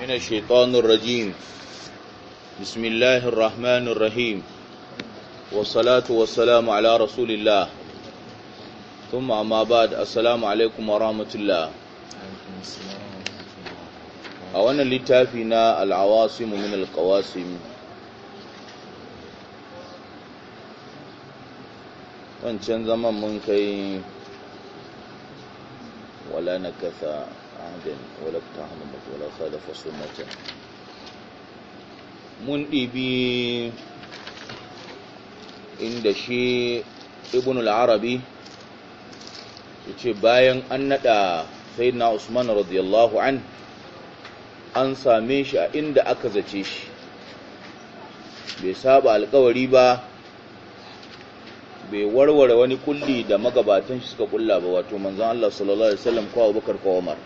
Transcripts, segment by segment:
من الشيطان الرجيم بسم الله الرحمن الرحيم والصلاة والسلام على رسول الله ثم أما بعد السلام عليكم ورحمة الله أولا لتافنا العواصم من القواسم wancan zaman mun kai wala na kasa عهد ولا تهمت ولا خالف mun ɗibi inda shi ibn al-arabi ce bayan an naɗa na usman radiyallahu an an same shi a inda aka zace shi bai saba alkawari ba bai warware wani kulli da magabatan shi suka kulla ba wato manzon Allah sallallahu alaihi wasallam ko Abubakar ko Umar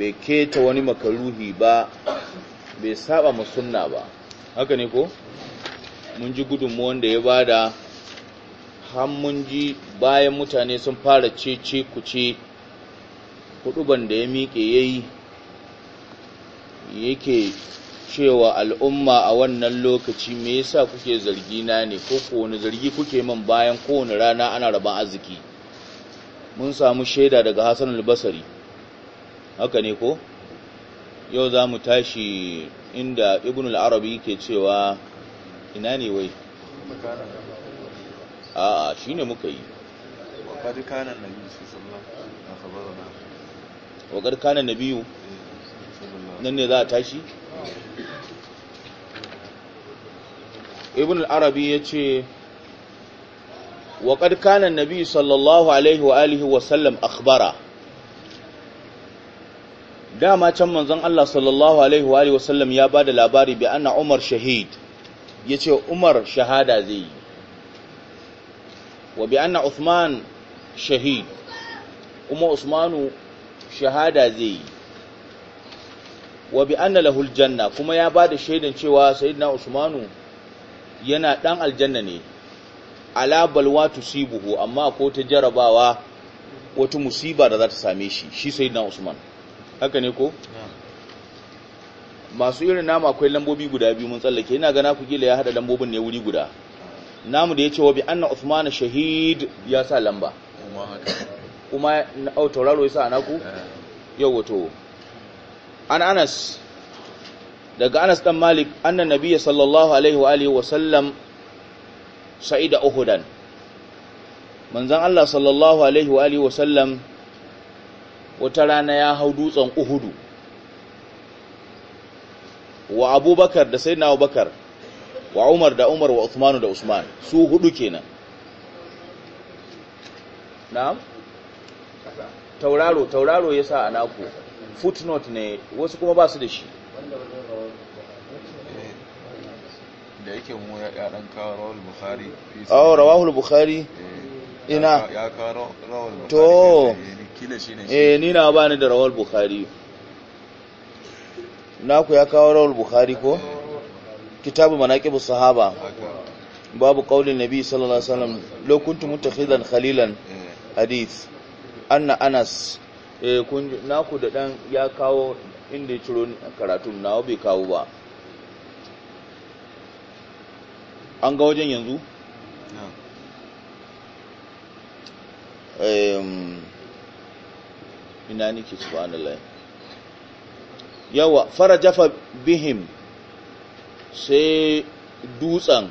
bai keta wani makaruhi ba bai saba ma sunna ba haka ne ko mun ji gudunmu wanda ya bada har mun ji bayan mutane sun fara cece kuce kuduban da ya miƙe yayi yake cewa al'umma a wannan lokaci me yasa kuke zargi na ne ko kowane zargi kuke man bayan kowane rana ana raban arziki mun samu shaida daga Hassan al haka ne ko yau za mu tashi inda ibn al-arabi ke cewa ina ne wai a shi ne muka yi waƙar kanan na biyu nan ne za a tashi ibn al-arabi ya ce waƙar kanan biyu sallallahu alaihi wa sallam wasallam akhbara dama can manzon Allah sallallahu alaihi wa sallam wasallam ya bada labari bi anna Umar shahid yace Umar shahada zai wa bi anna Uthman shahid kuma Usmanu shahada zai wa bi anna lahul janna kuma ya bada shaidan cewa sayyidina Usmanu yana dan aljanna ne ala balwa tusibuhu amma ko ta jarabawa wata musiba da za ta same shi shi sayyidina Usman haka ne ko masu irin nama akwai lambobi guda biyu mun tsallake ina ga naku gila ya hada lambobin ne wuri guda namu da ya ce wa bi anna Uthman shahid ya sa lamba kuma au tauraro ya sa naku eh. yau wato an Anas daga Anas dan Malik anna nabiyya sallallahu alaihi wa alihi wa sallam sa'ida uhudan manzon Allah sallallahu alaihi wa alihi wa sallam wata rana ya hau dutsen uhudu wa abubakar da sai abubakar wa umar da umar wa usmanu da usman su hudu kenan na'am tauraro tauraro ya sa a naku footnote ne wasu kuma ba su da shi da yake mu ya dan kawo bukhari oh rawahul bukhari eh, ina ya kawo bukhari to eh ni na ba da rawal bukhari naku ya kawo rawal bukhari ko kitabu manaqib sahaba babu qaulin nabi sallallahu alaihi wasallam law kuntu khalilan hadith anna anas eh kun naku da dan ya kawo inda ya ciro karatun nawa bai kawo ba an ga wajen yanzu um, ina nike subhanallah yawa farajafa bihim sai dutsen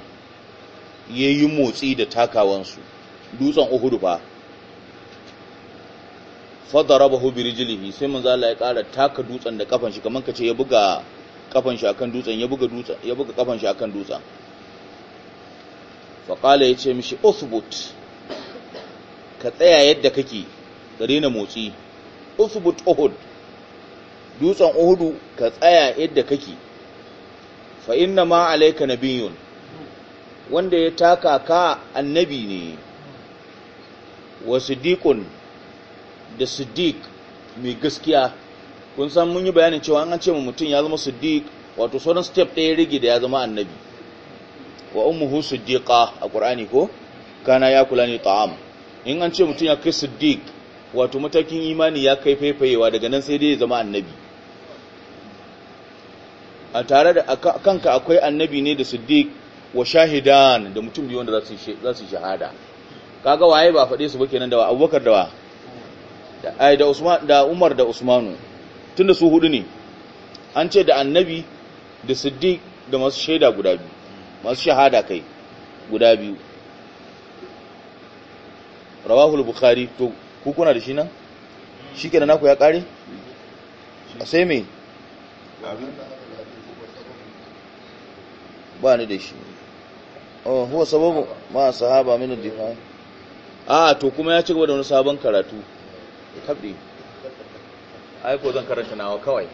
yayi motsi da takawansu dutsen uhudu fa fadarabahu bi rijlihi sai manzo Allah ya ƙara taka dutsen da kafan shi kaman kace ya buga kafan shi akan dutsen ya buga dutsen ya buga kafan shi akan dutsen fa qala yace mishi usbut ka tsaya yadda kake ka daina motsi usbut uhud dutsen uhudu ka tsaya yadda kake fa inna ma alayka nabiyun wanda ya taka ka annabi ne wa siddiqun da siddiq mai gaskiya kun san mun yi bayanin cewa an ce mutum ya zama siddiq wato sauran step ɗaya rigi da ya zama annabi wa ummuhu siddiqa a qur'ani ko kana ya kula ne ta'am in an ce mutum ya kai siddiq wato matakin imani ya kai faifayewa daga nan sai dai ya zama annabi a tare da kanka akwai annabi ne da siddiq wa shahidan da mutum biyu wanda za su shahada kaga waye ba faɗe su ba kenan da wa abubakar da wa ai da usman da umar da usmanu tunda su hudu ne an ce da annabi da siddiq da masu shaida guda biyu masu shahada kai guda biyu rawahul bukhari to ku kuna da shi nan shi kenan naku ya kare a sai me ba ni da shi oh huwa sababu ma sahaba min ad-difa a to kuma ya ci gaba da wani sabon karatu kabri ai ko zan karanta nawa kawai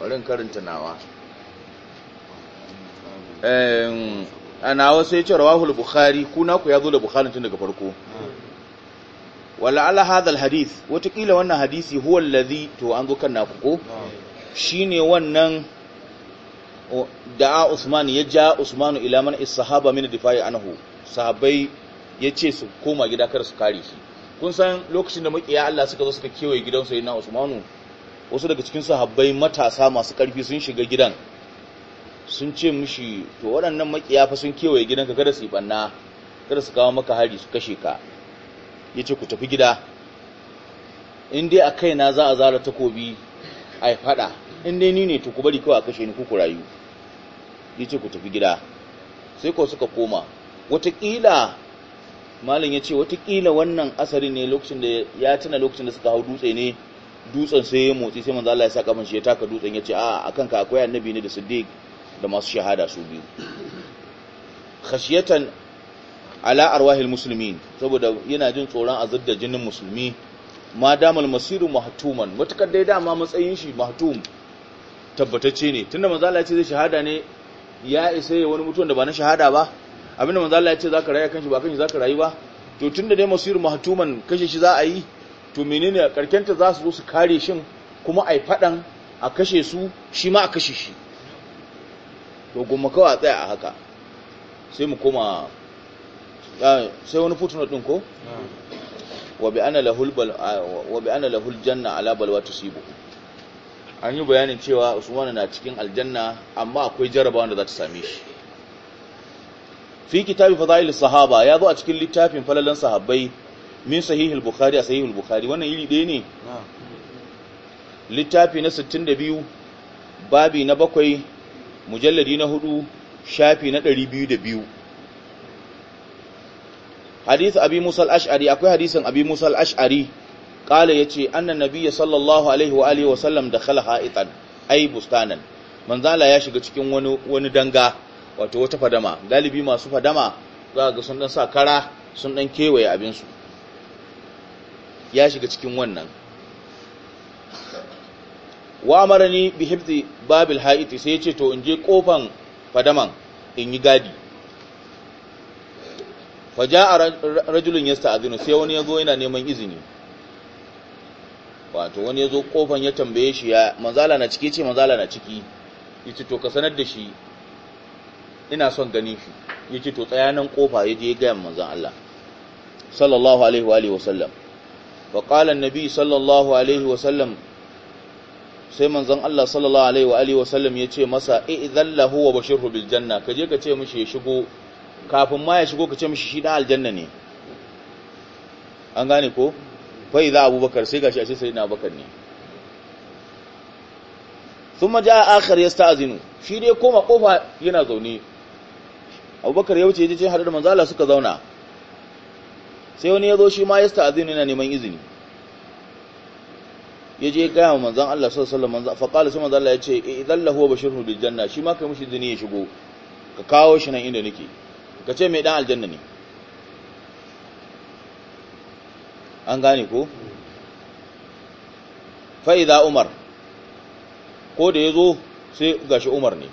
barin karanta nawa a nawa sai ya ce rawahul bukhari ku naku ya zo da bukhari tun daga farko wala ala hadal hadith watakila wannan hadisi huwa alladhi to an zo kana ku ko shine wannan da'a Usman ya ja Usman ila man as-sahaba min difa'i anhu sahabbai yace su koma gida kar su kare shi kun san lokacin da makiya Allah suka zo suka kewaye gidan sayyidina Usmanu wasu daga cikin sahabbai matasa masu karfi sun shiga gidan sun ce mishi to waɗannan makiya fa sun kewaye gidanka kada su yi banna kada su kawo maka hari su kashe ka ya ce ku tafi gida in dai a kaina za a zara takobi a yi fada in dai ni ne to ku bari kawai a kashe ni kuku rayu ya ce ku tafi gida sai ko suka koma watakila malin ya ce watakila wannan asari ne lokacin da ya tuna lokacin da suka hau dutse ne dutsen sai ya motsi sai manzo Allah ya sa kafin shi ya taka dutsen ya ce a akan ka akwai annabi ne da siddiq da masu shahada su biyu khashiyatan ala arwahil muslimin saboda yana jin tsoron a da jinin musulmi ma damal masiru mahtuman matukar dai dama matsayin shi mahtum tabbatacce ne tunda manzo Allah ya ce zai shahada ne ya isa ya wani mutuwan da ba na shahada ba abinda manzo Allah ya ce zaka rayu kanshi ba kanshi zaka rayu ba to tunda dai masiru mahtuman kashe shi za a yi to menene karkenta za su zo su kare shin kuma ai fadan a kashe su shi ma a kashe shi to gumma kawai a tsaya a haka sai mu koma Ah, sai wani footnote din ko ah. wa bi ana ah, lahul janna ala balwa tusibu an yi bayanin cewa usman na cikin aljanna amma akwai jarabawa da za ta same shi fi kitabi fadail sahaba ya zo a cikin littafin falalan sahabbai min sahihul bukhari a sahihul bukhari wannan iri ɗaya ne littafi na 62 babi na bakwai mujalladi na hudu shafi na 202 hadith abi musa al-ash'ari akwai hadisin abi musa al-ash'ari qala yace annan nabiyya sallallahu alaihi wa alihi wa sallam dakhala ha'itan ay bustanan manzala ya shiga cikin wani wani danga wato wata fadama galibi masu fadama za ga sun dan sa kara sun dan kewaye abin su ya shiga cikin wannan wa amarani bi hifzi babil ha'iti sai yace to in je kofan fadaman in yi gadi a rajulun yasta'zinu sai wani ya zo yana neman izini wato wani ya zo kofan ya tambaye shi ya manzala na ciki ce manzala na ciki ya ce to ka sanar da shi ina son ganin shi ya ce to tsaya nan kofa ya ya ga Manzan Allah sallallahu alaihi wa alihi wa sallam fa qala sallallahu alaihi wa sallam sai Manzan Allah sallallahu alaihi wa sallam ya ce masa idhallahu wa bashirru bil janna je ka ce mishi ya shigo kafin ma ya shigo ka ce mishi shi dan aljanna ne an gane ko fai za abubakar sai gashi a ce na abubakar ne sun thumma jaa akhar yasta'zinu shi dai koma kofa yana zaune abubakar ya wuce ya je hadar manzala suka zauna sai wani ya zo shi ma yasta'zinu yana neman izini ya je gaya wa manzan Allah sallallahu alaihi wasallam sai manzan Allah ya ce idan lahu bashirhu bil janna shi ma kai mushi zini ya shigo ka kawo shi nan inda nake ka ce mai dan aljanna ne an gane ko fa'iza umar ko da ya zo sai gashi umar ne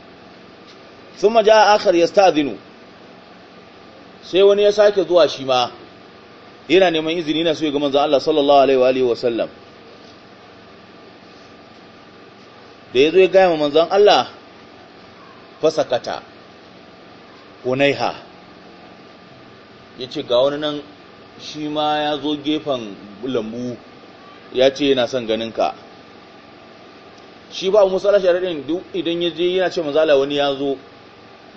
sun maja akar ya zinu sai wani ya sake zuwa shi ma yana neman izini na so ya ga manzan Allah sallallahu Alaihi wasallam da ya zo ya gaya manzan Allah fasakata ko ha. ya ce ga wani nan shi ma ya zo gefen lambu ya ce yana son ganin ka shi ba musu ala sharaɗin duk idan ya je yana ce mazala wani ya zo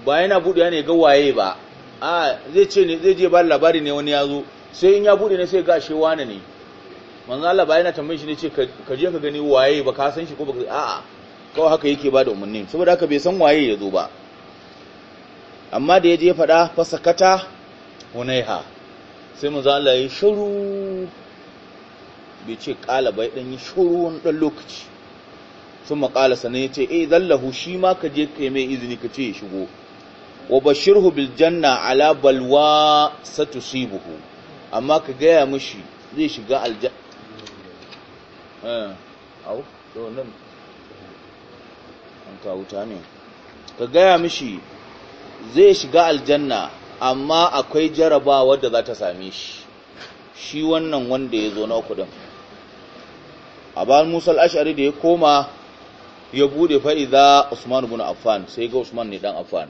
ba yana buɗe ne ga waye ba a zai ce ne zai je ba labari ne wani ya zo sai in ya buɗe ne sai ga shi wane ne manzo ba yana tambayin shi ne ce ka je ka gani waye ba ka san shi ko ba a kawai haka yake ba da umarni saboda haka bai san waye ya zo ba amma da ya je faɗa fasakata hunaiha sai manzo Allah ya shiru bai ce kala bai dan yi shiru wani dan lokaci sun makala sana ya ce eh zallahu shi ma ka je kai mai izini ka ce ya shigo wa bashirhu bil janna ala balwa satusibuhu amma ka gaya mishi zai shiga eh au to nan an ka wuta ne ka gaya mishi zai shiga aljanna amma akwai jarabawa da za ta same shi shi wannan wanda ya zo na kudin a bayan musal ashari da ya koma ya bude fa'iza usman bin affan sai ga usman ne dan affan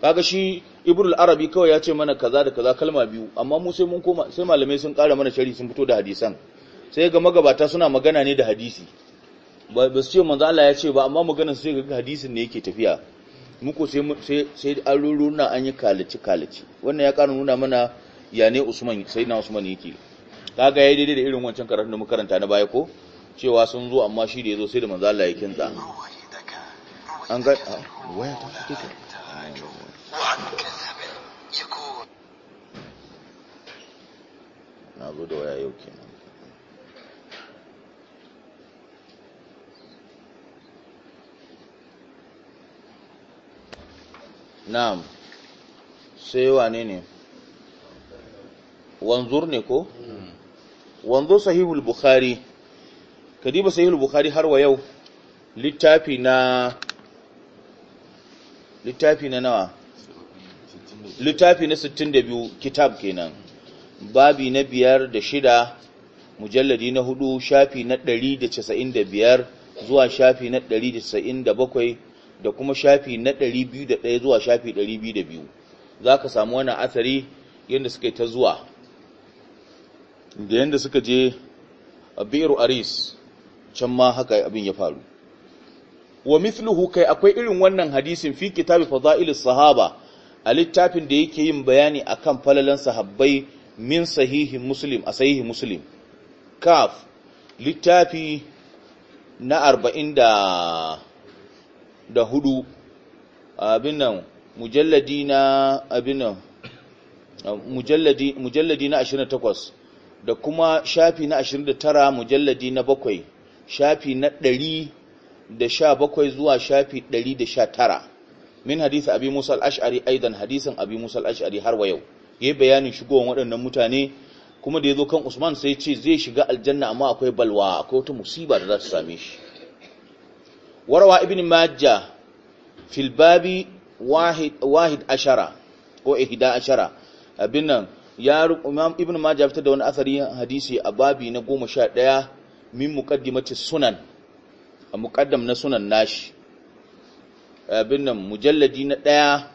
kaga shi ibrul arabi kawai ya ce mana kaza da kaza kalma biyu amma mu sai mun koma sai malamai sun kara mana shari sun fito da hadisan sai ga magabata suna magana ne da hadisi ba su ce manzo Allah ya ce ba amma maganar su ga hadisin ne yake tafiya muku sai an ruruna an yi kalici-kalici wannan ya ƙara nuna mana ya usman sai na usman yake kaga ya daidai da irin wancan karatun da makaranta na baya ko cewa sun zo amma shi da ya zo sai da manzala ya kinza an ga ah, waya ta kika na zo da waya yau kenan na'am sai wane ne wanzur ne ko Wanzo sahihul bukhari diba sahihul bukhari har wa yau littafi na littafi na nawa littafi na 62 kitab kenan babi na biyar da shida mujalladi na hudu shafi na 195 zuwa shafi na 197 da kuma shafi na 201 zuwa shafi 202 za ka samu wani asari yadda suka yi ta zuwa da yadda suka je a biyar aris can ma haka abin ya faru wa mithluhu kai akwai irin wannan hadisin fi kitabi fadailis sahaba a littafin da yake yin bayani akan falalan sahabbai min Sahihin muslim a sahihin muslim kaf littafi na arba'in da da hudu abin nan mujalladi na abin nan mujalladi na 28 da kuma shafi na 29 mujalladi na bakwai shafi na 117 zuwa shafi 119 min hadisi abi musa al-ash'ari aidan hadisin abi musa al-ash'ari har wa yau yayi bayanin shigowar waɗannan mutane kuma da yazo kan Usman sai ce zai shiga aljanna amma akwai balwa akwai wata musiba da za ta same shi Warwa ibn majah fil wahid wahid ashara ko ihda ashara abin nan ya imam ibn fitar da wani asari hadisi a babi na 11 min muqaddimati sunan a muqaddam na sunan nashi abin nan mujalladi na ɗaya,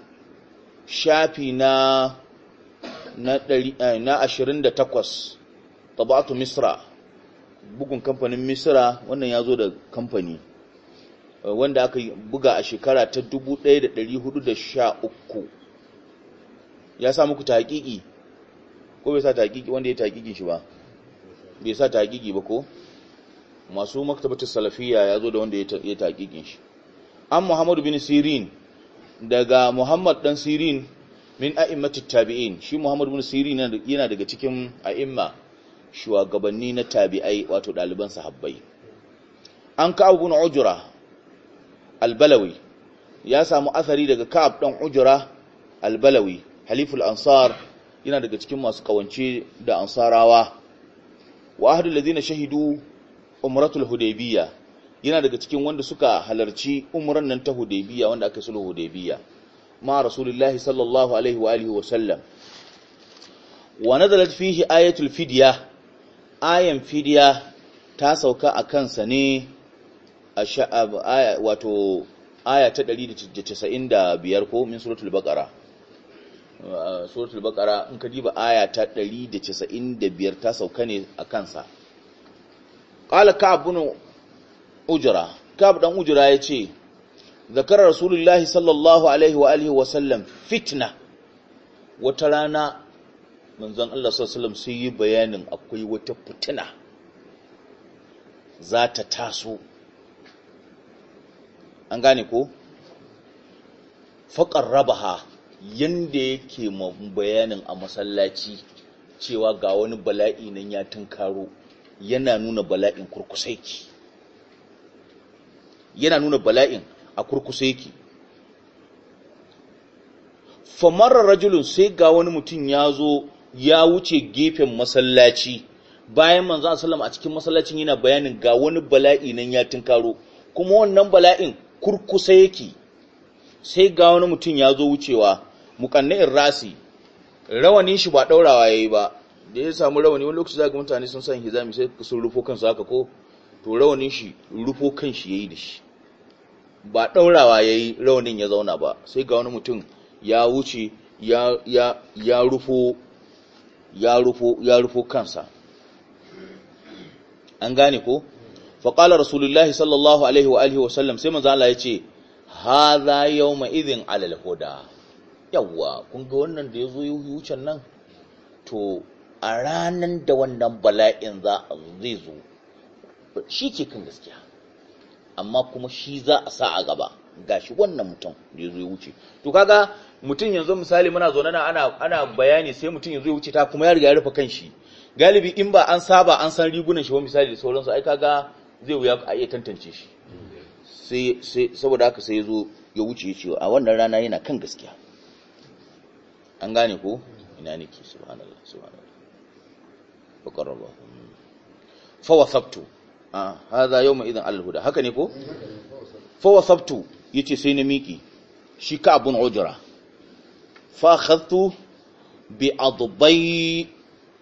shafi na na 28 tabatu misra bugun kamfanin misra wannan ya zo da kamfani wanda aka buga a shekara ta 1413 ya sa muku taƙiƙi ko bai sa taƙiƙi wanda ya taƙiƙin shi ba bai sa taƙiƙi ba ko masu maktabatar salafiya ya zo da wanda ya taƙiƙin shi an muhammadu bin sirin daga muhammad dan sirin min a'immatit tabi'in shi muhammad bin sirin yana daga cikin a'imma shugabanni na tabi'ai wato ɗaliban sahabbai an ka abu bin ujura albalawi ya samu asari daga ka'ab dan ujra albalawi haliful ansar yana daga cikin masu kawance da ansarawa wa ahdul ladina shahidu umratul hudaybiyya yana daga cikin wanda suka halarci umran nan ta hudaybiyya wanda aka sulhu hudaybiyya ma rasulullahi sallallahu alaihi wa alihi wa sallam wa nazalat fihi ayatul fidya ayan fidya ta sauka a kansa ne aya wato aya ta 195 ko min suratul baqara suratul baqara in ka diba aya ta 195 ta sauka ne a kansa qala ka'ab bin ujra ka'ab dan ujra yace zakara rasulullahi sallallahu alaihi wa alihi wa sallam fitna wata rana manzon Allah sallallahu alaihi sai yi bayanin akwai wata fitina za ta taso an gane ko faƙar rabaha yadda yake bayanin a masallaci cewa ga wani bala'i nan ya tunkaro yana nuna bala'in kurkusai yana nuna bala'in a kurkusai ki famarar rajulun sai ga wani mutum ya zo ya wuce gefen masallaci bayan manzo asalam a cikin masallacin yana bayanin ga wani bala'i nan ya tunkaro kuma wannan bala'in kurkusa yake sai ga wani mutum ya zo wucewa mukannin rasi rawanin shi ba daurawa yayi ba da ya samu rawani wani lokaci zaka mutane sun san hizami sai sun rufo kansu haka ko to rawanin shi rufo kan shi yayi da shi ba daurawa yayi rawanin ya zauna ba sai ga wani mutum ya wuce ya ya ya rufo ya rufo ya rufo kansa an gane ko faƙalar rasulullahi sallallahu alaihi wa alihi wasallam sai manzo Allah ya ce haza yawma idhin alal huda yawwa kun ga wannan da ya zo wucen nan to a ranan da wannan bala'in za a zai zo shi ke kan gaskiya amma kuma shi za a sa a gaba Ga shi wannan mutum da ya zo wuce to kaga mutum yanzu misali muna zaune nana ana bayani sai mutum yanzu ya wuce ta kuma ya riga ya rufe kanshi galibi in ba an saba an san rigunan shi wa misali da sauransu ai kaga zai wuya a iya tantance shi sai saboda haka sai ya zo ya wuce ya cewa a wannan rana yana kan gaskiya an gane ko ina nake subhanallah subhanallah fakarraba fa wasabtu ah hadha yawma idan alhuda haka ne ko fa wasabtu yace sai na miki shi ka abun ujra fa khadtu bi adbai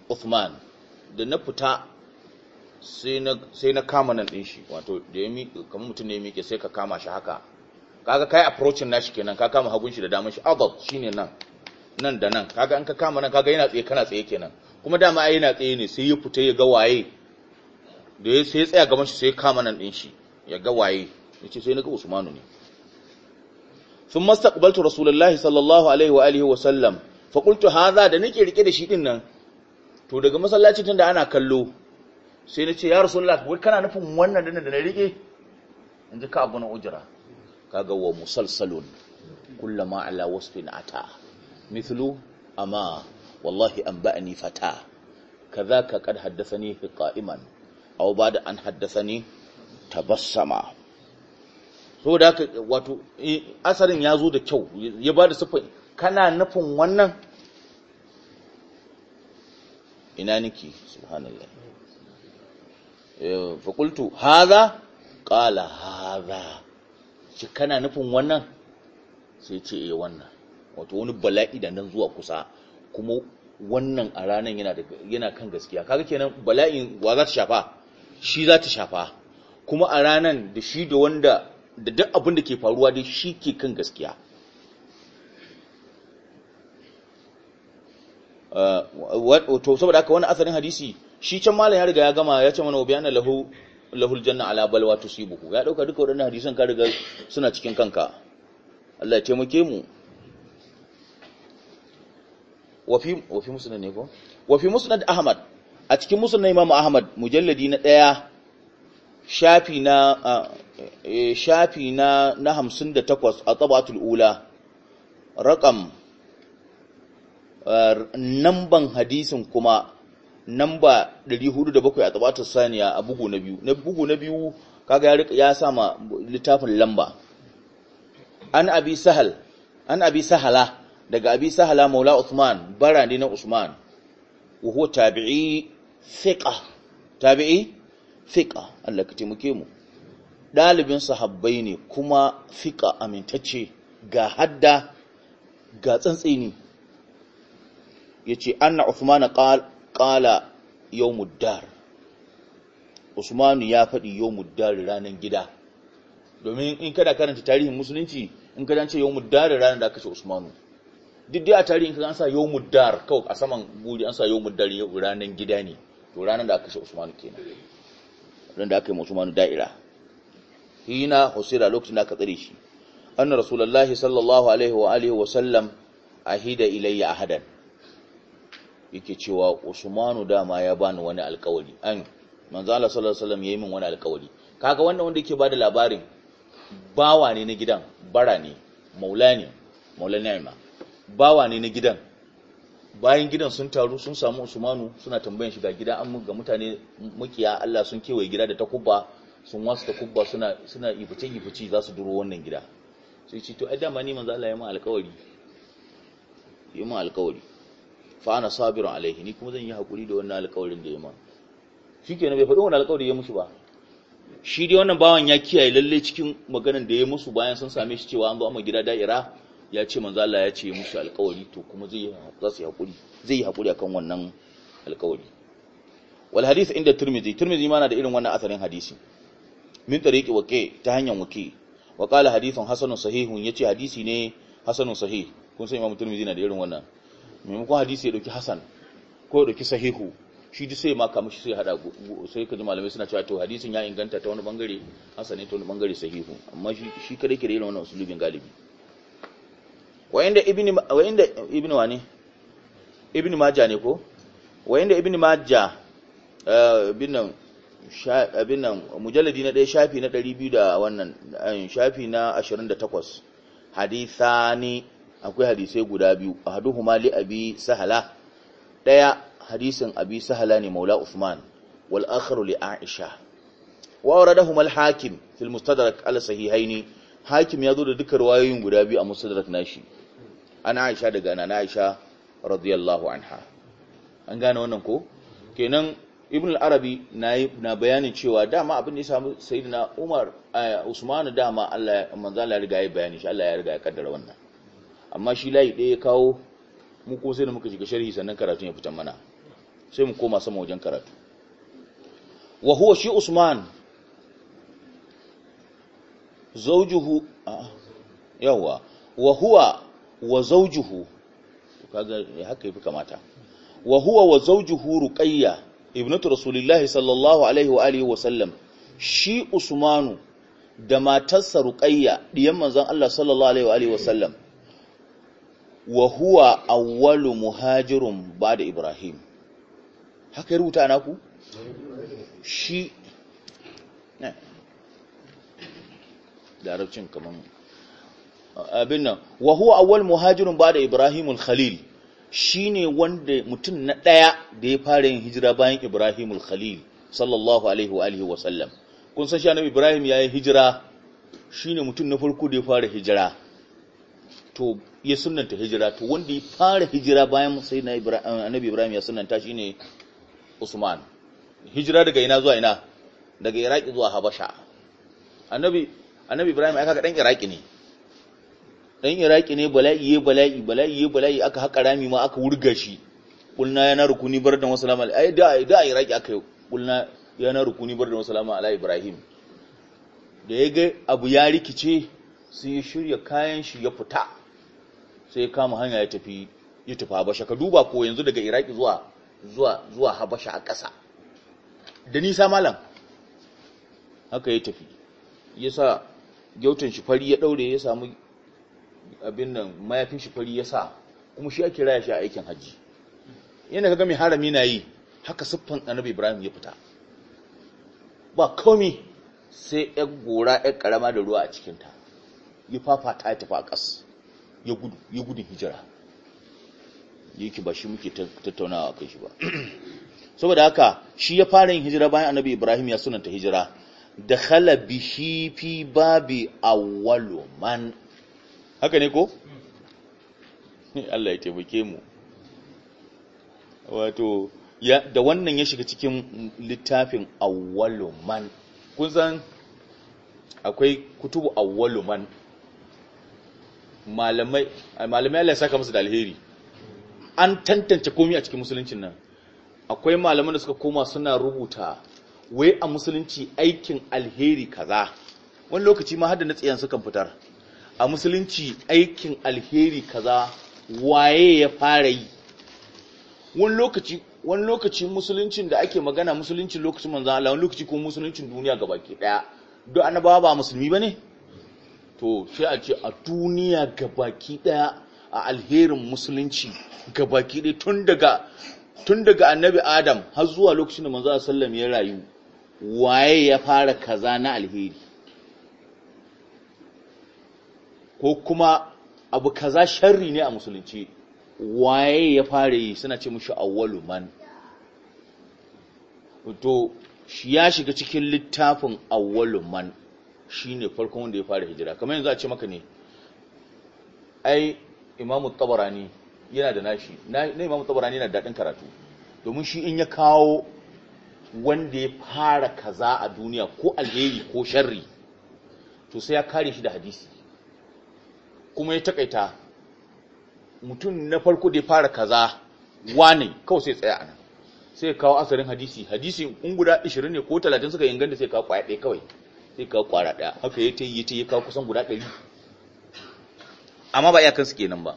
uthman da na fita sai na kama nan ɗin shi wato da ya miƙe kamar mutum ne ya miƙe sai ka kama shi haka kaga kai approachin nashi kenan ka kama hagun shi da damar shi adult shine nan nan da nan kaga an ka kama nan kaga yana tsaye kana tsaye kenan kuma dama ai yana tsaye ne sai ya fita ya ga waye da ya sai tsaya gaban shi sai kama nan ɗin shi ya ga waye yace sai na ga Usmanu ne sun mastaqbaltu rasulullahi sallallahu alaihi wa alihi wa sallam fa qultu hadha da nake rike da shi din nan to daga masallacin tunda ana kallo sai na ce ya rasulullah wai kana nufin wannan dana da na riƙe. in ji ka abu na ujira ga wa musalsalun kullama ala wasfin ata mithlu amma wallahi an anba'ani fata kadhaka qad haddathani fi qa'iman ba da an haddasa haddathani tabassama da haka wato eh, asarin ya zo da kyau ya ba da siffar kana nufin wannan ina niki subhanallah Eh, fakultu haza ƙala haza shi kana nufin wannan sai ce eh wannan wato wani bala'i da nan zuwa kusa kuma wannan a ranar yana kan gaskiya kaga kenan bala'in wa za ta shafa shi za ta shafa kuma a ranar da shi da wanda da duk abin da ke faruwa dai shi ke kan gaskiya eh, wato saboda haka wani asalin hadisi shi can malam ya riga ya gama ya ce mana bayana lahu lahul janna ala balwa tusibuhu ya dauka duka waɗannan hadisan ka riga suna cikin kanka Allah ya taimake mu wafi fi musnad ne ko wafi musnad ahmad a cikin musnad imam ahmad mujalladi na daya shafi na e, shafi na na 58 a tabatul ula rakam namban hadisin kuma namba 407 a tabatar saniya a bugu na biyu na bugu na biyu kaga ya sama littafin lamba an abi sahal an abi sahala daga abi sahala maula usman bara na usman wuhu tabi'i fiqa tabi'i fiqa Allah ka taimake mu dalibin sahabbai ne kuma fiqa amintacce ga hadda ga tsantsini yace anna usman qala qala yawmuddar usmanu ya faɗi yawmuddar ranan gida domin in kada karanta tarihin musulunci in kada ce yawmuddar ranan da aka ce usmanu duk dai a tarihin ka an sa yawmuddar kawai a saman guri an sa yawmuddar ranan gida ne to ranan da aka ce usmanu kenan ranan da aka yi ma usmanu da'ira hina husira lokacin da aka tsare shi anna rasulullahi sallallahu alaihi wa alihi wa sallam ahida ilayya ahadan yake cewa usmanu dama ya bani wani alƙawari. an manzo Allah sallallahu alaihi wasallam yayi min wani alƙawari kaga wannan wanda yake bada labarin bawa ne na gidan bara ne maula ne maula ni'ima bawa ne na gidan bayan gidan sun taru sun samu usmanu suna tambayan shi ga gida an ga mutane mukiya Allah sun kewaye gida da takubba sun wasu takubba suna suna ifice ifice za su duro wannan gida sai ce to ai dama ni manzo Allah ya mu alƙawari yi mu alƙawari. fa ana sabirun alaihi ni kuma zan yi hakuri da wannan alƙawarin da ya ma na bai faɗi wannan alƙawari ya musu ba shi dai wannan bawan ya kiyaye lalle cikin maganar da ya musu bayan sun same shi cewa an zo amma gida da'ira ya ce manzo Allah ya ce ya musu alƙawari to kuma zai za su yi hakuri zai yi hakuri akan wannan alƙawari wal hadith inda Tirmidhi Tirmidhi ma na da irin wannan asarin hadisi min tariqi wake ta hanyar wake wa qala hadithun hasanun sahihun yace hadisi ne hasanun sahih kun san Imam Tirmidhi na da irin wannan maimakon hadisi ya dauki hasan ko ya dauki sahihu shi duk sai maka shi sai hada sai ka ji malamai suna cewa to hadisin ya inganta ta wani bangare hasani ta wani bangare sahihu amma shi shi kare kare irin wannan usulubin galibi wayanda ibni wayanda ibni wani ibni majah ne ko wayanda majah eh, mujalladi na ɗaya shafi na 200 biyu da wannan eh, shafi na ashirin da takwas hadithani akwai hadisai guda biyu ahaduhuma li abi sahala daya hadisin abi sahala ne maula usman wal akhiru li aisha wa awradahuma al hakim fil mustadrak al sahihaini hakim ya zo da duka riwayoyin guda biyu a mustadrak nashi an aisha daga nana aisha radiyallahu anha an gane wannan ko kenan ibn al-arabi na bayanin cewa dama abin da ya samu sayyidina umar eh, usman dama Allah manzo Allah ya riga ya bayani shi Allah ya riga ya kaddara wannan amma shi layi ɗaya ya kawo mu ko sai da muka shiga sharhi sannan karatun ya fita mana sai mu koma sama wajen karatu wa huwa shi usman zawjuhu yawa wa huwa wa zawjuhu kaga haka yafi kamata wa huwa wa zawjuhu ruqayya ibnatu rasulillahi sallallahu alaihi wa alihi wa sallam shi usmanu da matarsa ruqayya diyan manzon Allah sallallahu alaihi wa alihi wa sallam wa huwa awwalu muhajirun ba'da ibrahim haka rubuta naku shi ne larabcin kaman abin nan wa huwa awwal muhajirun ba'da ibrahimul khalil shine wanda mutum na daya da ya fara yin hijira bayan ibrahimul khalil sallallahu alaihi wa alihi wa sallam kun san shi annabi ibrahim yayi hijira shine mutum na farko da ya fara hijira to ya sunanta hijira to wanda ya fara hijira bayan sai na eh, annabi ibrahim ya sunanta shi ne usman hijira daga ina zuwa ina daga iraki zuwa habasha annabi annabi ibrahim ya kaka dan iraki ne dan iraki ne bala'i ya bala'i bala'i ya bala'i aka haƙa rami ma aka wurga shi kulna yana rukuni bar da wasu ai da da iraki aka kulna yana rukuni bar da wasu ala ibrahim da ya ga abu ya rikice sai ya shirya kayan shi ya fita sai ya kama hanya ya tafi ya tafi habasha ka duba ko yanzu daga iraki zuwa zuwa zuwa habasha a ƙasa da nisa malam haka ya tafi ya sa gyautan shi fari ya ɗaure ya samu abin nan mayafin shi fari ya sa kuma shi ake raya shi a aikin hajji yana kaga mai harami na yi haka siffan annabi ibrahim ya fita ba komi sai ya gora ya karama da ruwa a cikinta ya fafata ya tafi a ƙasa ya gudu gudun hijira yake ba shi muke tattaunawa kai shi ba saboda haka shi ya fara yin hijira bayan annabi Ibrahim ya sunanta hijira da khala bihi fi babi awwalu man haka ne ko Allah ya taimake mu wato da wannan ya shiga cikin littafin awwalu man kun san akwai kutubu awwalu man malamai malamai Allah ya saka musu da alheri an tantance komai a cikin musuluncin nan akwai malaman da suka koma suna rubuta wai a musulunci aikin alheri kaza wani lokaci ma har tsiyan sukan fitar a musulunci aikin alheri kaza waye ya fara yi wani lokaci wani lokaci musuluncin da ake magana musuluncin lokacin manzo Allah wani lokaci kuma musuluncin duniya gabaki daya duk annabawa ba musulmi bane to sai a ce a duniya gabaki daya a alherin musulunci gabaki daya tun daga tun daga annabi adam har zuwa lokacin da manzo sallam ya rayu waye ya fara kaza na alheri ko kuma abu kaza sharri ne a musulunci waye ya fara yi suna ce mushi awwalu man to ya shiga cikin littafin awwalu man shine farkon wanda ya fara hijira kamar yanzu a ce maka ne ai imamu tabarani yana da nashi na imamu tabarani yana da daɗin karatu domin shi in ya kawo wanda ya fara kaza a duniya ko alheri ko sharri to sai ya kare shi da hadisi kuma ya takaita mutum na farko da ya fara kaza ne kawai sai tsaya anan sai kawo asarin hadisi hadisi in guda 20 ne ko 30 suka ganda sai kawo kwaya ɗaya kawai sai ka kwara daya haka yayi tayi tayi ka kusan guda 100 amma ba iyakan su kenan ba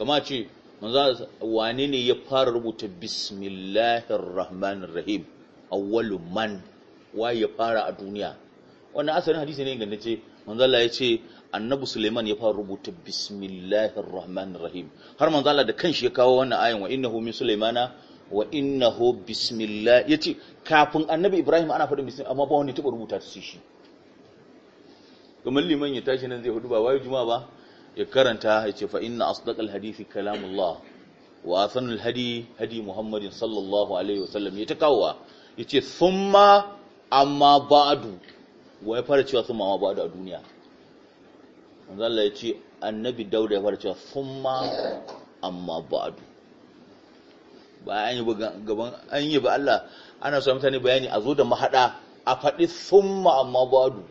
kama ce manzo wane ne ya fara rubuta bismillahir rahmanir rahim awwalu man wa ya fara a duniya wannan asalin hadisi ne ingantacce manzo Allah ya ce annabi Suleiman ya fara rubuta bismillahir rahmanir rahim har manzo Allah da kanshi ya kawo wannan ayan wa innahu min Suleimana wa innahu bismillah yace kafin annabi Ibrahim ana faɗin bismillah amma ba wani taɓa rubuta su shi kamar liman ya tashi nan zai hudu ba wayo juma'a ba ya karanta ya ce fa inna asdaqal hadisi kalamullah wa asanul hadi hadi muhammadin sallallahu alaihi wasallam ya ta kawowa ya ce summa amma ba'du wa ya fara cewa summa amma ba'du a duniya manzo Allah ya ce annabi dauda ya fara cewa summa amma ba'du ba an yi gaban an yi ba Allah ana so mutane bayani a zo da mahada a faɗi summa amma ba'du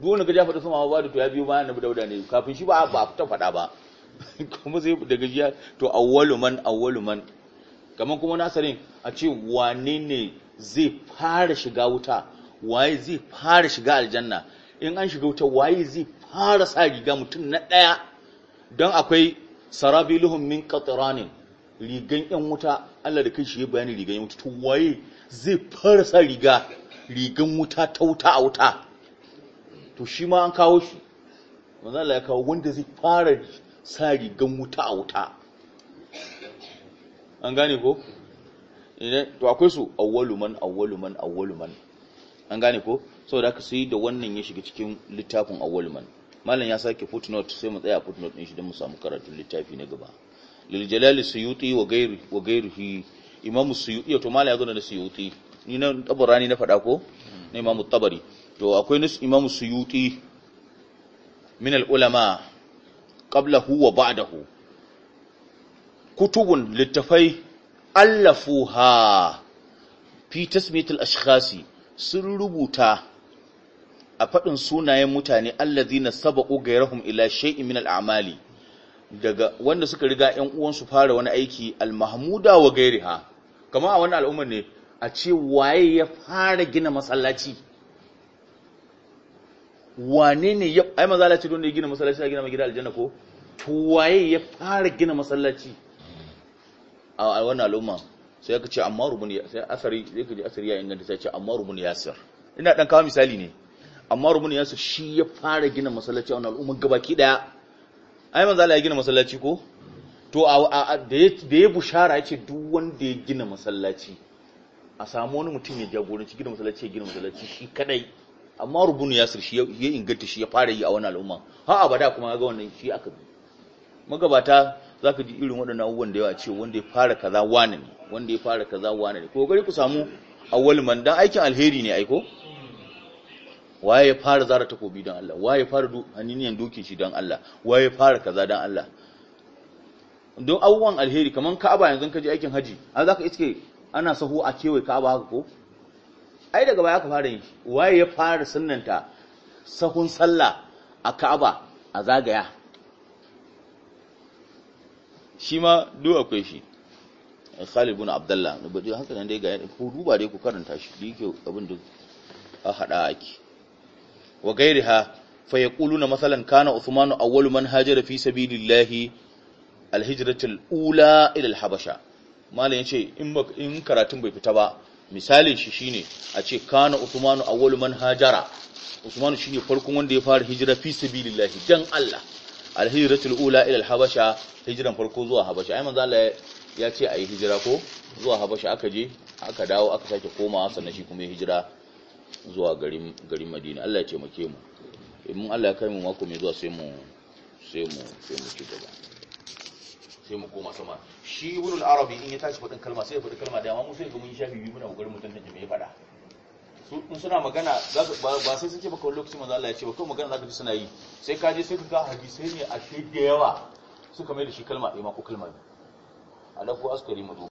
duk wanda ka ja faɗi sama ba to ya biyo bayan na dauda ne kafin shi ba ba ta faɗa ba kuma sai da gajiya to awwalu man awwalu man kamar kuma nasarin a ce wane ne zai fara shiga wuta waye zai fara shiga aljanna in an shiga wuta waye zai fara sa riga mutum na ɗaya don akwai sarabiluhum min qatranin rigan yan wuta Allah da kai shi ya bayani rigan yan wuta to waye zai fara sa riga rigan wuta ta wuta a wuta to shi ma an kawo shi manzo ya kawo wanda zai fara sa rigan wuta a wuta an gane ko to akwai su awwalu man awwalu man man an gane ko saboda haka sai da wannan ya shiga cikin littafin awwalu man malam ya sake footnote sai mu tsaya footnote din shi don mu samu karatun littafi na gaba lil jalali suyuti wa gairi wa gairihi imam suyuti to malam ya zo da suyuti ni nan tabarani na fada ko na imamu tabari to akwai nus imamu suyuti min al'ulama qablahu wa ba'dahu kutubun littafai ha fi tasmiyatil ashkhasi sun rubuta a faɗin sunayen mutane Allah allazina sabaqu gairahum ila shai min al'amali daga wanda suka riga 'yan uwansu fara wani aiki al wa wa ha? kama a wani al'umma ne a ce waye ya fara gina masallaci wane ne ya ai manzo Allah ce don ya gina masallaci ya gina magida gida aljanna ko to waye ya fara gina masallaci a wannan al'umma sai aka ce Ammar ibn Yasir asari sai ka ji asari ya inganta sai ce Ammar ibn Yasir ina dan kawo misali ne Ammar ibn Yasir shi ya fara gina masallaci a wannan al'umma gabaki daya ai manzo ya gina masallaci ko to da ya bushara ya ce duk wanda ya gina masallaci a samu wani mutum ya jagoranci gina masallaci ya gina masallaci shi kadai amma rubun yasir shi ya inganta shi ya fara yi a wani al'umma ha abada kuma ya ga wannan shi aka bi magabata za ka ji irin waɗannan abubuwan da yawa ce wanda ya fara kaza wane ne wanda ya fara kaza wane ne ko gari ku samu awwal man dan aikin alheri ne aiko waye ya fara zara takobi don Allah waye ya fara haniniyan dokin shi don Allah waye ya fara kaza don Allah don abubuwan alheri kaman Ka'aba yanzu ka je aikin haji an ka iske ana sahu a kewaye Ka'aba haka ko ai daga baya aka fara yi waye ya fara sunnanta sahun sallah a Ka'aba a zagaya shi ma duk akwai shi Khalid ibn Abdullah ne bude haka ne dai ga ku duba dai ku karanta shi da abin da a hada ake wa gairiha fa yaquluna masalan kana Uthman awwalu man hajara fi sabilillahi alhijratul ula ila alhabasha malam yace in in karatun bai fita ba misalin shi shine a ce kana usmanu awwalu man hajara usmanu shine farkon wanda ya fara hijira fi sabilillahi dan Allah alhijratul ula ila alhabasha hijran farko zuwa habasha ai manzo Allah ya ce ayi hijira ko zuwa habasha aka je aka dawo aka sake komawa sannan shi kuma ya hijira zuwa garin garin Madina Allah ya ce mu mun Allah ya kai mu mako mai zuwa sai mu sai mu sai mu ci gaba sai mu koma sama shi wurin arabi in ya tashi faɗin kalma sai ya faɗi kalma da mu sai ga mun shafi biyu muna kokarin mutum tantance me ya faɗa su in suna magana ba sai suke baka lokaci manzo Allah ya ce ba kawai magana zaka ji suna yi sai ka je sai ka ga sai ne a da yawa suka mai da shi kalma ɗaya ma ko kalma biyu alaku askari mu